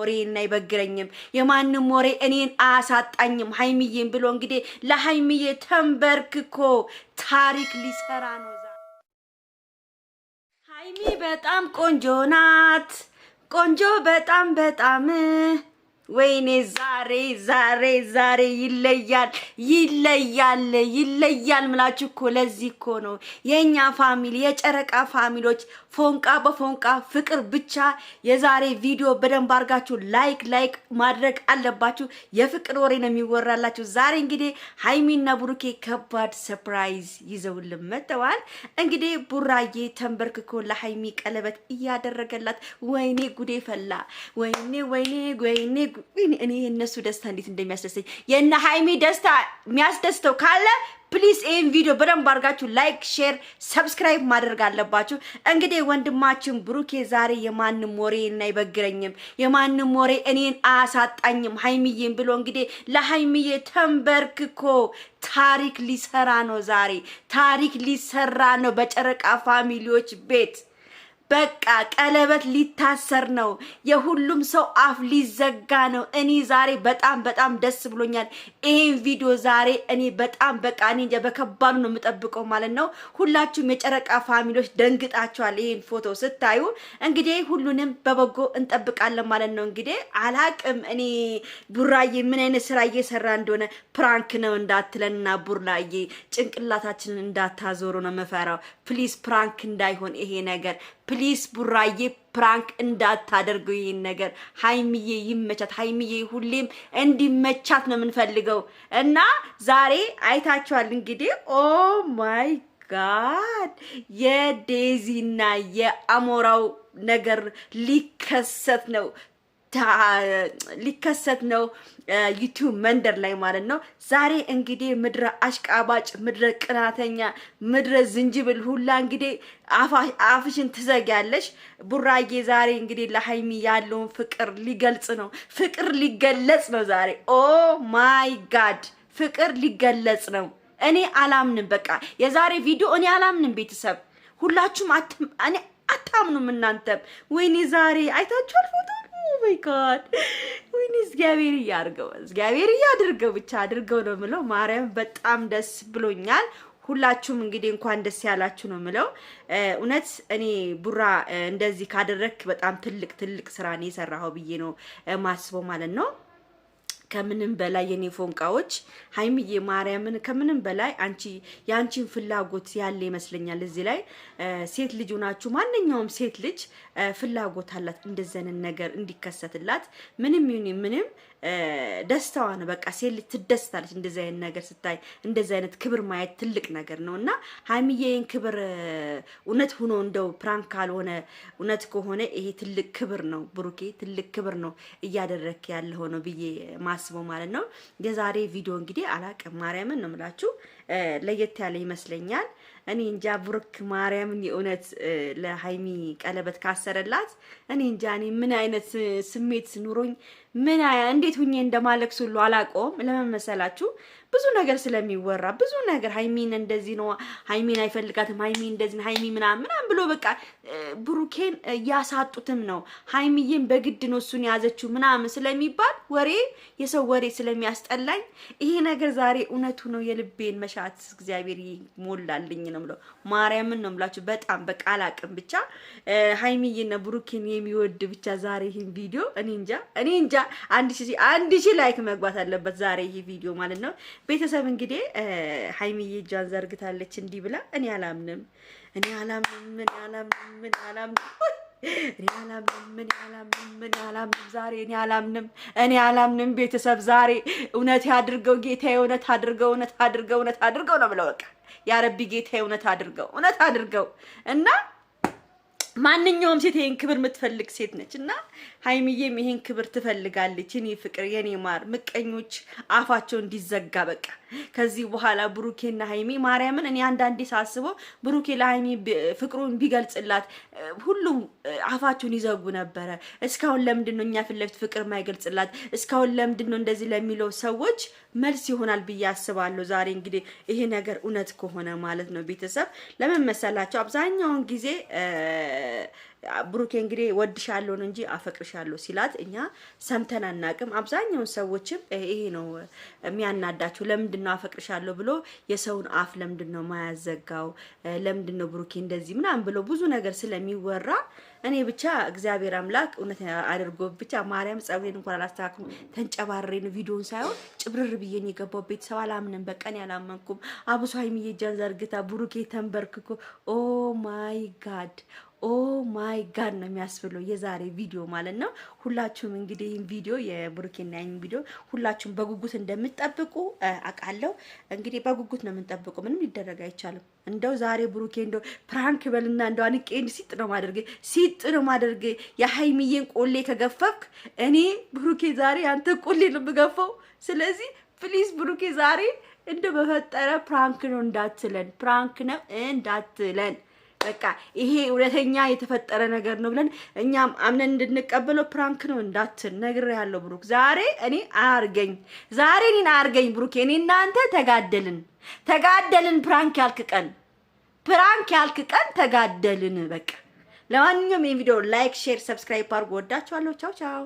ወሬን አይበግረኝም፣ የማንም ወሬ እኔን አያሳጣኝም ሀይሚዬን ብሎ እንግዲህ ለሀይሚዬ ተንበርክኮ ታሪክ ሊሰራ ነው። ሀይሚ በጣም ቆንጆ ናት። ቆንጆ በጣም በጣም ወይኔ ዛሬ ዛሬ ዛሬ ይለያል ይለያል ይለያል። ምላችሁ እኮ ለዚህ እኮ ነው የእኛ ፋሚሊ የጨረቃ ፋሚሊዎች ፎንቃ በፎንቃ ፍቅር ብቻ። የዛሬ ቪዲዮ በደንብ አድርጋችሁ ላይክ ላይክ ማድረግ አለባችሁ። የፍቅር ወሬ ነው የሚወራላችሁ። ዛሬ እንግዲህ ሀይሚና ቡሩኬ ከባድ ሰፕራይዝ ይዘውልን መጥተዋል። እንግዲህ ቡራዬ ተንበርክኮ ለሀይሚ ቀለበት እያደረገላት፣ ወይኔ ጉዴ ፈላ፣ ወይኔ ወይኔ ወይኔ እኔ የእነሱ ደስታ እንዴት እንደሚያስደስተኝ የእነ ሀይሜ ደስታ የሚያስደስተው ካለ ፕሊዝ ይህን ቪዲዮ በደንብ አድርጋችሁ ላይክ፣ ሼር፣ ሰብስክራይብ ማድረግ አለባችሁ። እንግዲህ ወንድማችን ብሩኬ ዛሬ የማንም ወሬ አይበግረኝም፣ የማንም ወሬ እኔን አያሳጣኝም ሀይሚዬን ብሎ እንግዲህ ለሀይሚዬ ተንበርክኮ ታሪክ ሊሰራ ነው። ዛሬ ታሪክ ሊሰራ ነው በጨረቃ ፋሚሊዎች ቤት በቃ ቀለበት ሊታሰር ነው። የሁሉም ሰው አፍ ሊዘጋ ነው። እኔ ዛሬ በጣም በጣም ደስ ብሎኛል። ይህን ቪዲዮ ዛሬ እኔ በጣም በቃ እኔ በከባዱ ነው የምጠብቀው ማለት ነው። ሁላችሁም የጨረቃ ፋሚሊዎች ደንግጣችኋል ይህን ፎቶ ስታዩ። እንግዲህ ሁሉንም በበጎ እንጠብቃለን ማለት ነው። እንግዲህ አላቅም እኔ ቡራዬ ምን አይነት ስራ እየሰራ እንደሆነ ፕራንክ ነው እንዳትለንና ቡራዬ ጭንቅላታችንን እንዳታዞሩ ነው መፈራው። ፕሊዝ ፕራንክ እንዳይሆን ይሄ ነገር ፕሊስ ቡራዬ ፕራንክ እንዳታደርገው ይህን ነገር። ሀይሚዬ ይመቻት። ሀይሚዬ ሁሌም እንዲመቻት ነው የምንፈልገው እና ዛሬ አይታችኋል እንግዲህ ኦ ማይ ጋድ የዴዚና የአሞራው ነገር ሊከሰት ነው። ሊከሰት ነው ዩቲዩብ መንደር ላይ ማለት ነው። ዛሬ እንግዲህ ምድረ አሽቃባጭ፣ ምድረ ቅናተኛ፣ ምድረ ዝንጅብል ሁላ እንግዲህ አፍሽን ትዘጊያለሽ። ቡራጌ ዛሬ እንግዲህ ለሀይሚ ያለውን ፍቅር ሊገልጽ ነው። ፍቅር ሊገለጽ ነው ዛሬ። ኦ ማይ ጋድ ፍቅር ሊገለጽ ነው። እኔ አላምንም። በቃ የዛሬ ቪዲዮ እኔ አላምንም። ቤተሰብ ሁላችሁም አታምኑም። እናንተም ወይኔ ዛሬ አይታችኋል ፎቶ ማይ ጋድ ወይኔ፣ እግዚአብሔር እያድርገው፣ እግዚአብሔር እያድርገው፣ ብቻ አድርገው ነው የምለው። ማርያም በጣም ደስ ብሎኛል። ሁላችሁም እንግዲህ እንኳን ደስ ያላችሁ ነው የምለው። እውነት እኔ ቡራ እንደዚህ ካደረክ በጣም ትልቅ ትልቅ ስራ ነው የሰራኸው ብዬ ነው ማስበው ማለት ነው። ከምንም በላይ የኔ ፎንቃዎች ሀይሚዬ ማርያምን ከምንም በላይ አንቺ የአንቺን ፍላጎት ያለ ይመስለኛል። እዚህ ላይ ሴት ልጅ ሆናችሁ ማንኛውም ሴት ልጅ ፍላጎት አላት እንደዘንን ነገር እንዲከሰትላት ምንም ይሁን ምንም ደስታዋ ነው። በቃ ሴት ልጅ ትደስታለች እንደዚህ አይነት ነገር ስታይ፣ እንደዚህ አይነት ክብር ማየት ትልቅ ነገር ነው እና ሀይሚዬ ክብር እውነት ሆኖ እንደው ፕራንክ ካልሆነ እውነት ከሆነ ይሄ ትልቅ ክብር ነው፣ ብሩኬ ትልቅ ክብር ነው እያደረክ ያለ ሆነው ብዬ ማ የማስበው ማለት ነው። የዛሬ ቪዲዮ እንግዲህ አላቅም ማርያምን ነው ምላችሁ ለየት ያለ ይመስለኛል። እኔ እንጃ ብሩክ ማርያምን የእውነት ለሀይሚ ቀለበት ካሰረላት እኔ እንጃ እኔ ምን አይነት ስሜት ኑሮኝ ምን እንዴት ሁኜ እንደማለቅስ ሁሉ አላቆም። ለምን መሰላችሁ? ብዙ ነገር ስለሚወራ ብዙ ነገር ሀይሚን እንደዚህ ነው፣ ሀይሚን አይፈልጋትም፣ ሀይሚ እንደዚህ ነው፣ ሀይሚ ምናምን ምናምን ብሎ በቃ ብሩኬን እያሳጡትም ነው ሀይሚዬን በግድ ነው እሱን የያዘችው ምናምን ስለሚባል ወሬ፣ የሰው ወሬ ስለሚያስጠላኝ ይሄ ነገር ዛሬ እውነቱ ነው። የልቤን መሻት እግዚአብሔር ይሞላልኝ ነው ብለው ማርያምን ነው ብላችሁ በጣም በቃል አቅም ብቻ ሀይሚዬና ብሩኬን የሚወድ ብቻ ዛሬ ይህን ቪዲዮ እኔ እንጃ እኔ እንጃ አንድ አንድ ሺ ላይክ መግባት አለበት ዛሬ ይሄ ቪዲዮ ማለት ነው። ቤተሰብ እንግዲህ ሀይሚዬ እጇን ዘርግታለች እንዲህ ብላ እኔ አላምንም፣ እኔ አላምንም፣ እኔ አላምንም፣ እኔ አላምንም እኔ አላምንም እኔ አላምንም እኔ አላምንም ዛሬ እኔ አላምንም እኔ አላምንም። ቤተሰብ ዛሬ እውነት አድርገው ጌታ፣ እውነት አድርገው፣ እውነት አድርገው፣ እውነት አድርገው ነው ብለው በቃ ያረቢ ጌታ እውነት አድርገው፣ እውነት አድርገው እና ማንኛውም ሴት ይሄን ክብር የምትፈልግ ሴት ነች እና ሀይሚዬም ይሄን ክብር ትፈልጋለች። የኔ ፍቅር፣ የኔ ማር፣ ምቀኞች አፋቸው እንዲዘጋ በቃ ከዚህ በኋላ ብሩኬና ሀይሚ ማርያምን እኔ አንዳንዴ ሳስበው ብሩኬ ለሀይሚ ፍቅሩን ቢገልጽላት ሁሉም አፋቸውን ይዘጉ ነበረ። እስካሁን ለምንድን ነው እኛ ፊት ለፊት ፍቅር ማይገልጽላት? እስካሁን ለምንድን ነው እንደዚህ ለሚለው ሰዎች መልስ ይሆናል ብዬ አስባለሁ። ዛሬ እንግዲህ ይሄ ነገር እውነት ከሆነ ማለት ነው ቤተሰብ ለምን መሰላቸው አብዛኛውን ጊዜ ብሩኬ እንግዲህ ወድሻለሁ ነው እንጂ አፈቅርሻለሁ ሲላት እኛ ሰምተን አናቅም። አብዛኛውን ሰዎችም ይሄ ነው የሚያናዳቸው። ለምንድን ነው አፈቅርሻለሁ ብሎ የሰውን አፍ ለምንድን ነው ማያዘጋው? ለምንድን ነው ብሩኬ እንደዚህ ምናምን ብሎ ብዙ ነገር ስለሚወራ እኔ ብቻ እግዚአብሔር አምላክ እውነት አድርጎ ብቻ ማርያም ጸጉሬን እንኳን አላስተካክሉ ተንጨባሬን ቪዲዮን ሳይሆን ጭብርር ብዬን የገባው ቤተሰብ አላምንም። በቀን ያላመንኩም አብሶ ሀይሚዬ ዘርግታ ብሩኬ ተንበርክኮ ኦ ማይ ጋድ ኦ ማይ ጋድ ነው የሚያስብለው የዛሬ ቪዲዮ ማለት ነው። ሁላችሁም እንግዲህ ይህን ቪዲዮ የብሩኬና ይህን ቪዲዮ ሁላችሁም በጉጉት እንደምትጠብቁ አውቃለሁ። እንግዲህ በጉጉት ነው የምንጠብቁ። ምንም ሊደረግ አይቻልም። እንደው ዛሬ ብሩኬ እንደው ፕራንክ በልና እንደው አንቄ ሲጥ ነው ማድረግ ሲጥ ነው ማድረግ። የሀይሚዬን ቆሌ ከገፈፍክ እኔ ብሩኬ ዛሬ አንተ ቆሌ ነው የምገፈው። ስለዚህ ፕሊዝ ብሩኬ ዛሬ እንደ በፈጠረ ፕራንክ ነው እንዳትለን፣ ፕራንክ ነው እንዳትለን። በቃ ይሄ እውነተኛ የተፈጠረ ነገር ነው ብለን እኛም አምነን እንድንቀበለው ፕራንክ ነው እንዳትን ነግር ያለው ብሩክ ዛሬ እኔ አርገኝ ዛሬ እኔን አርገኝ ብሩክ። እኔ እናንተ ተጋደልን ተጋደልን፣ ፕራንክ ያልክ ቀን ፕራንክ ያልክ ቀን ተጋደልን። በቃ ለማንኛውም ይሄን ቪዲዮ ላይክ፣ ሼር፣ ሰብስክራይብ አድርጎ ወዳችኋለሁ። ቻው ቻው